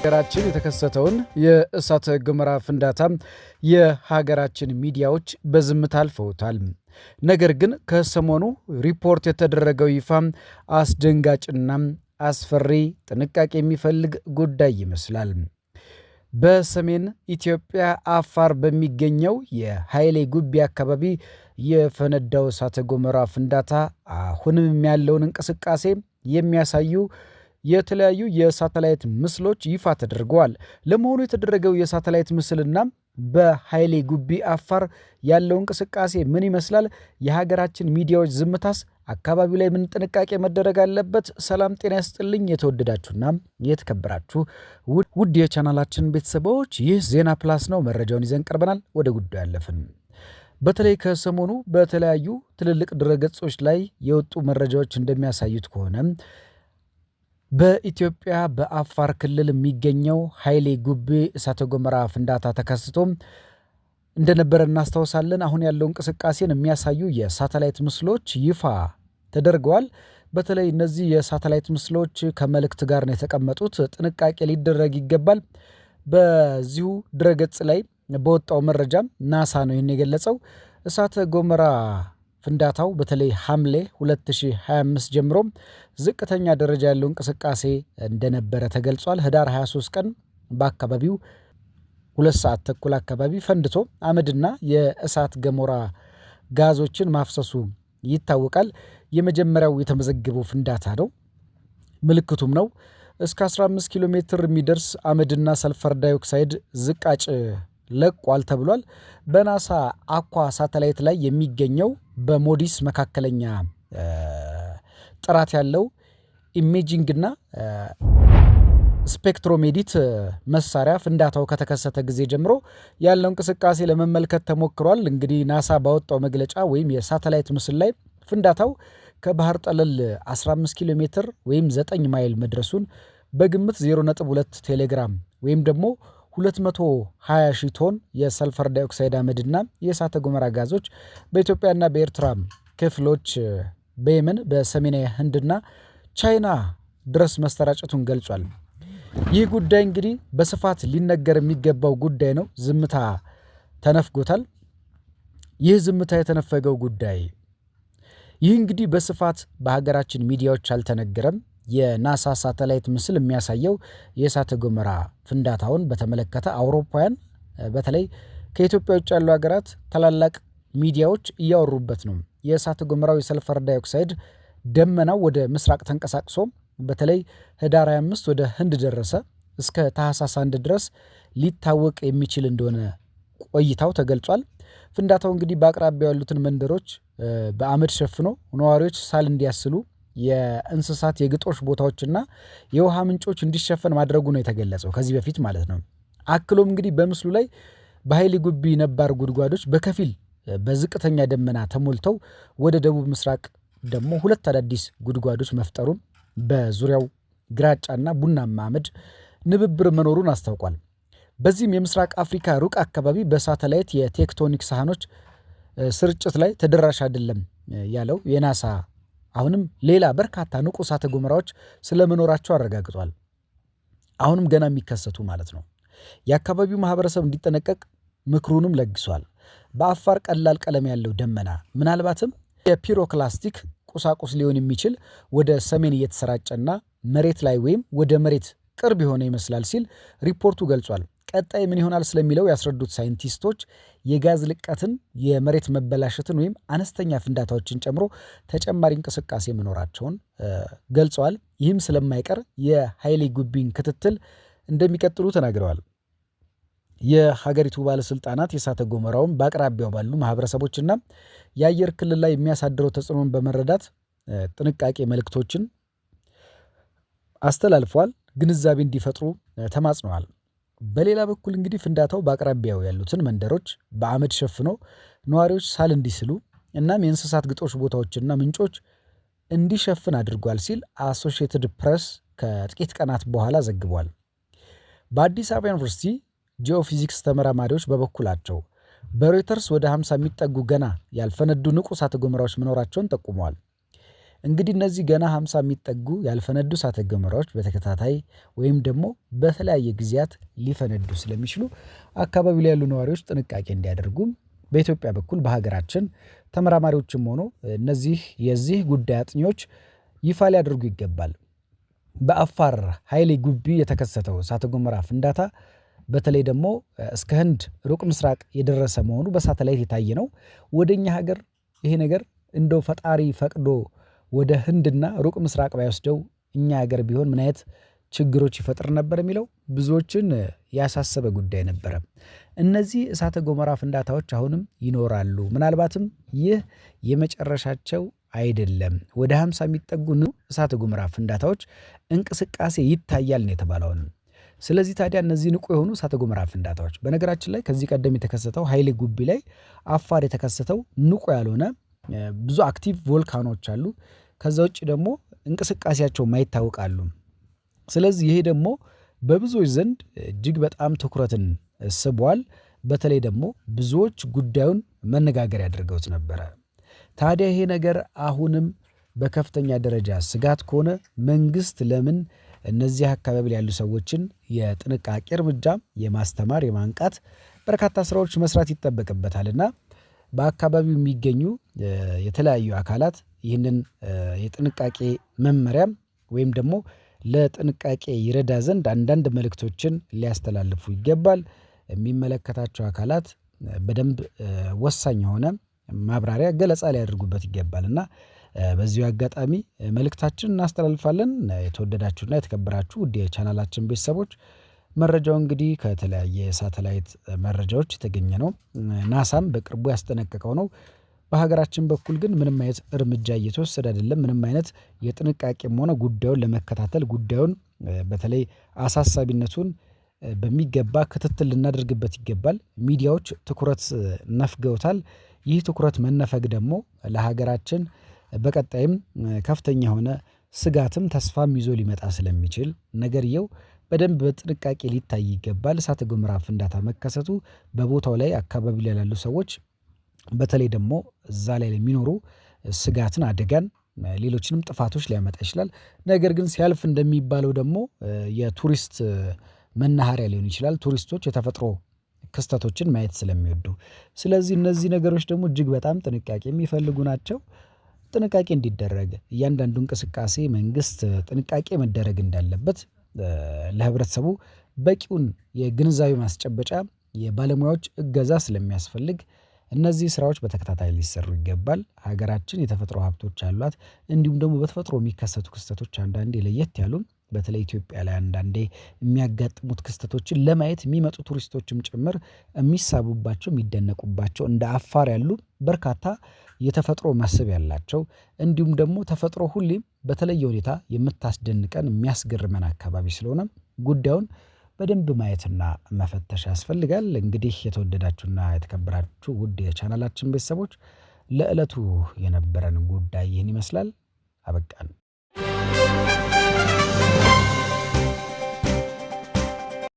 ሀገራችን የተከሰተውን የእሳተ ገሞራ ፍንዳታ የሀገራችን ሚዲያዎች በዝምታ አልፈውታል። ነገር ግን ከሰሞኑ ሪፖርት የተደረገው ይፋ አስደንጋጭና አስፈሪ ጥንቃቄ የሚፈልግ ጉዳይ ይመስላል። በሰሜን ኢትዮጵያ አፋር በሚገኘው የኃይሌ ጉቢ አካባቢ የፈነዳው እሳተ ገሞራ ፍንዳታ አሁንም ያለውን እንቅስቃሴ የሚያሳዩ የተለያዩ የሳተላይት ምስሎች ይፋ ተደርገዋል። ለመሆኑ የተደረገው የሳተላይት ምስልና በኃይሌ ጉቢ አፋር ያለው እንቅስቃሴ ምን ይመስላል? የሀገራችን ሚዲያዎች ዝምታስ? አካባቢው ላይ ምን ጥንቃቄ መደረግ አለበት? ሰላም ጤና ያስጥልኝ። የተወደዳችሁና የተከበራችሁ ውድ የቻናላችን ቤተሰቦች ይህ ዜና ፕላስ ነው። መረጃውን ይዘን ቀርበናል። ወደ ጉዳዩ ያለፍን በተለይ ከሰሞኑ በተለያዩ ትልልቅ ድረገጾች ላይ የወጡ መረጃዎች እንደሚያሳዩት ከሆነ በኢትዮጵያ በአፋር ክልል የሚገኘው ኃይሌ ጉቤ እሳተ ገሞራ ፍንዳታ ተከስቶ እንደነበረ እናስታውሳለን። አሁን ያለው እንቅስቃሴን የሚያሳዩ የሳተላይት ምስሎች ይፋ ተደርገዋል። በተለይ እነዚህ የሳተላይት ምስሎች ከመልእክት ጋር ነው የተቀመጡት። ጥንቃቄ ሊደረግ ይገባል። በዚሁ ድረገጽ ላይ በወጣው መረጃም ናሳ ነው ይህን የገለጸው እሳተ ገሞራ ፍንዳታው በተለይ ሐምሌ 2025 ጀምሮ ዝቅተኛ ደረጃ ያለው እንቅስቃሴ እንደነበረ ተገልጿል። ህዳር 23 ቀን በአካባቢው ሁለት ሰዓት ተኩል አካባቢ ፈንድቶ አመድና የእሳት ገሞራ ጋዞችን ማፍሰሱ ይታወቃል። የመጀመሪያው የተመዘገበው ፍንዳታ ነው፣ ምልክቱም ነው። እስከ 15 ኪሎ ሜትር የሚደርስ አመድና ሰልፈር ዳይኦክሳይድ ዝቃጭ ለቋል ተብሏል። በናሳ አኳ ሳተላይት ላይ የሚገኘው በሞዲስ መካከለኛ ጥራት ያለው ኢሜጂንግ እና ስፔክትሮሜዲት መሳሪያ ፍንዳታው ከተከሰተ ጊዜ ጀምሮ ያለው እንቅስቃሴ ለመመልከት ተሞክሯል። እንግዲህ ናሳ ባወጣው መግለጫ ወይም የሳተላይት ምስል ላይ ፍንዳታው ከባህር ጠለል 15 ኪሎ ሜትር ወይም 9 ማይል መድረሱን በግምት 0.2 ቴሌግራም ወይም ደግሞ 220 ሺ ቶን የሰልፈር ዳይኦክሳይድ አመድና የእሳተ ገሞራ ጋዞች በኢትዮጵያና በኤርትራ ክፍሎች በየመን በሰሜናዊ ህንድና ቻይና ድረስ መሰራጨቱን ገልጿል። ይህ ጉዳይ እንግዲህ በስፋት ሊነገር የሚገባው ጉዳይ ነው። ዝምታ ተነፍጎታል። ይህ ዝምታ የተነፈገው ጉዳይ ይህ እንግዲህ በስፋት በሀገራችን ሚዲያዎች አልተነገረም። የናሳ ሳተላይት ምስል የሚያሳየው የእሳተ ገሞራ ፍንዳታውን በተመለከተ አውሮፓውያን በተለይ ከኢትዮጵያ ውጭ ያሉ ሀገራት ታላላቅ ሚዲያዎች እያወሩበት ነው። የእሳተ ገሞራው የሰልፈር ዳይኦክሳይድ ደመናው ወደ ምስራቅ ተንቀሳቅሶ በተለይ ህዳር 25 ወደ ህንድ ደረሰ። እስከ ታህሳስ አንድ ድረስ ሊታወቅ የሚችል እንደሆነ ቆይታው ተገልጿል። ፍንዳታው እንግዲህ በአቅራቢያ ያሉትን መንደሮች በአመድ ሸፍኖ ነዋሪዎች ሳል እንዲያስሉ የእንስሳት የግጦሽ ቦታዎችና የውሃ ምንጮች እንዲሸፈን ማድረጉ ነው የተገለጸው ከዚህ በፊት ማለት ነው። አክሎም እንግዲህ በምስሉ ላይ በኃይሊ ጉቢ ነባር ጉድጓዶች በከፊል በዝቅተኛ ደመና ተሞልተው ወደ ደቡብ ምስራቅ ደግሞ ሁለት አዳዲስ ጉድጓዶች መፍጠሩን በዙሪያው ግራጫና ቡናማ አመድ ንብብር መኖሩን አስታውቋል። በዚህም የምስራቅ አፍሪካ ሩቅ አካባቢ በሳተላይት የቴክቶኒክ ሳህኖች ስርጭት ላይ ተደራሽ አይደለም ያለው የናሳ አሁንም ሌላ በርካታ ንቁ እሳተ ገሞራዎች ስለመኖራቸው አረጋግጧል። አሁንም ገና የሚከሰቱ ማለት ነው። የአካባቢው ማህበረሰብ እንዲጠነቀቅ ምክሩንም ለግሷል። በአፋር ቀላል ቀለም ያለው ደመና ምናልባትም የፒሮክላስቲክ ቁሳቁስ ሊሆን የሚችል ወደ ሰሜን እየተሰራጨና መሬት ላይ ወይም ወደ መሬት ቅርብ የሆነ ይመስላል ሲል ሪፖርቱ ገልጿል። ቀጣይ ምን ይሆናል ስለሚለው ያስረዱት ሳይንቲስቶች የጋዝ ልቀትን፣ የመሬት መበላሸትን ወይም አነስተኛ ፍንዳታዎችን ጨምሮ ተጨማሪ እንቅስቃሴ መኖራቸውን ገልጸዋል። ይህም ስለማይቀር የኃይሌ ጉቢን ክትትል እንደሚቀጥሉ ተናግረዋል። የሀገሪቱ ባለስልጣናት የእሳተ ገሞራውን በአቅራቢያው ባሉ ማህበረሰቦችና የአየር ክልል ላይ የሚያሳድረው ተጽዕኖን በመረዳት ጥንቃቄ መልእክቶችን አስተላልፈዋል። ግንዛቤ እንዲፈጥሩ ተማጽነዋል። በሌላ በኩል እንግዲህ ፍንዳታው በአቅራቢያው ያሉትን መንደሮች በአመድ ሸፍኖ ነዋሪዎች ሳል እንዲስሉ እናም የእንስሳት ግጦሽ ቦታዎችና ምንጮች እንዲሸፍን አድርጓል ሲል አሶሽየትድ ፕሬስ ከጥቂት ቀናት በኋላ ዘግቧል። በአዲስ አበባ ዩኒቨርሲቲ ጂኦፊዚክስ ተመራማሪዎች በበኩላቸው በሮይተርስ ወደ 50 የሚጠጉ ገና ያልፈነዱ ንቁ እሳተ ገሞራዎች መኖራቸውን ጠቁመዋል። እንግዲህ እነዚህ ገና ሃምሳ የሚጠጉ ያልፈነዱ እሳተ ገሞራዎች በተከታታይ ወይም ደግሞ በተለያየ ጊዜያት ሊፈነዱ ስለሚችሉ አካባቢው ላይ ያሉ ነዋሪዎች ጥንቃቄ እንዲያደርጉ በኢትዮጵያ በኩል በሀገራችን ተመራማሪዎችም ሆኖ እነዚህ የዚህ ጉዳይ አጥኚዎች ይፋ ሊያደርጉ ይገባል። በአፋር ኃይሌ ጉቢ የተከሰተው እሳተ ገሞራ ፍንዳታ በተለይ ደግሞ እስከ ህንድ ሩቅ ምስራቅ የደረሰ መሆኑ በሳተላይት የታየ ነው። ወደኛ ሀገር ይሄ ነገር እንደው ፈጣሪ ፈቅዶ ወደ ህንድና ሩቅ ምስራቅ ባይወስደው እኛ ሀገር ቢሆን ምን አይነት ችግሮች ይፈጥር ነበር የሚለው ብዙዎችን ያሳሰበ ጉዳይ ነበረ። እነዚህ እሳተ ገሞራ ፍንዳታዎች አሁንም ይኖራሉ። ምናልባትም ይህ የመጨረሻቸው አይደለም። ወደ ሃምሳ የሚጠጉ እሳተ ገሞራ ፍንዳታዎች እንቅስቃሴ ይታያል ነው የተባለውን። ስለዚህ ታዲያ እነዚህ ንቁ የሆኑ እሳተ ገሞራ ፍንዳታዎች በነገራችን ላይ ከዚህ ቀደም የተከሰተው ሀይሌ ጉቢ ላይ አፋር የተከሰተው ንቁ ያልሆነ ብዙ አክቲቭ ቮልካኖች አሉ። ከዛ ውጭ ደግሞ እንቅስቃሴያቸው ማይታወቃሉ ስለዚህ ይሄ ደግሞ በብዙዎች ዘንድ እጅግ በጣም ትኩረትን ስቧል። በተለይ ደግሞ ብዙዎች ጉዳዩን መነጋገር ያደርገውት ነበረ። ታዲያ ይሄ ነገር አሁንም በከፍተኛ ደረጃ ስጋት ከሆነ መንግስት ለምን እነዚህ አካባቢ ያሉ ሰዎችን የጥንቃቄ እርምጃ የማስተማር የማንቃት በርካታ ስራዎች መስራት ይጠበቅበታል እና በአካባቢው የሚገኙ የተለያዩ አካላት ይህንን የጥንቃቄ መመሪያም ወይም ደግሞ ለጥንቃቄ ይረዳ ዘንድ አንዳንድ መልእክቶችን ሊያስተላልፉ ይገባል። የሚመለከታቸው አካላት በደንብ ወሳኝ የሆነ ማብራሪያ ገለጻ ሊያደርጉበት ይገባል። እና በዚሁ አጋጣሚ መልእክታችን እናስተላልፋለን የተወደዳችሁና የተከበራችሁ ውድ የቻናላችን ቤተሰቦች መረጃው እንግዲህ ከተለያየ ሳተላይት መረጃዎች የተገኘ ነው ናሳም በቅርቡ ያስጠነቀቀው ነው። በሀገራችን በኩል ግን ምንም አይነት እርምጃ እየተወሰደ አይደለም ምንም አይነት የጥንቃቄም ሆነ ጉዳዩን ለመከታተል ጉዳዩን በተለይ አሳሳቢነቱን በሚገባ ክትትል ልናደርግበት ይገባል ሚዲያዎች ትኩረት ነፍገውታል። ይህ ትኩረት መነፈግ ደግሞ ለሀገራችን በቀጣይም ከፍተኛ የሆነ ስጋትም ተስፋም ይዞ ሊመጣ ስለሚችል ነገርየው በደንብ በጥንቃቄ ሊታይ ይገባል። እሳተ ገሞራ ፍንዳታ መከሰቱ በቦታው ላይ አካባቢ ላይ ላሉ ሰዎች በተለይ ደግሞ እዛ ላይ ለሚኖሩ ስጋትን አደጋን ሌሎችንም ጥፋቶች ሊያመጣ ይችላል። ነገር ግን ሲያልፍ እንደሚባለው ደግሞ የቱሪስት መናሃሪያ ሊሆን ይችላል ቱሪስቶች የተፈጥሮ ክስተቶችን ማየት ስለሚወዱ ስለዚህ እነዚህ ነገሮች ደግሞ እጅግ በጣም ጥንቃቄ የሚፈልጉ ናቸው። ጥንቃቄ እንዲደረግ እያንዳንዱ እንቅስቃሴ መንግስት ጥንቃቄ መደረግ እንዳለበት ለህብረተሰቡ በቂውን የግንዛቤ ማስጨበጫ የባለሙያዎች እገዛ ስለሚያስፈልግ እነዚህ ስራዎች በተከታታይ ሊሰሩ ይገባል። ሀገራችን የተፈጥሮ ሀብቶች አሏት እንዲሁም ደግሞ በተፈጥሮ የሚከሰቱ ክስተቶች አንዳንዴ ለየት ያሉም በተለይ ኢትዮጵያ ላይ አንዳንዴ የሚያጋጥሙት ክስተቶችን ለማየት የሚመጡ ቱሪስቶችም ጭምር የሚሳቡባቸው የሚደነቁባቸው እንደ አፋር ያሉ በርካታ የተፈጥሮ መስህብ ያላቸው እንዲሁም ደግሞ ተፈጥሮ ሁሌም በተለየ ሁኔታ የምታስደንቀን የሚያስገርመን አካባቢ ስለሆነ ጉዳዩን በደንብ ማየትና መፈተሽ ያስፈልጋል። እንግዲህ የተወደዳችሁና የተከበራችሁ ውድ የቻናላችን ቤተሰቦች ለዕለቱ የነበረን ጉዳይ ይህን ይመስላል። አበቃን።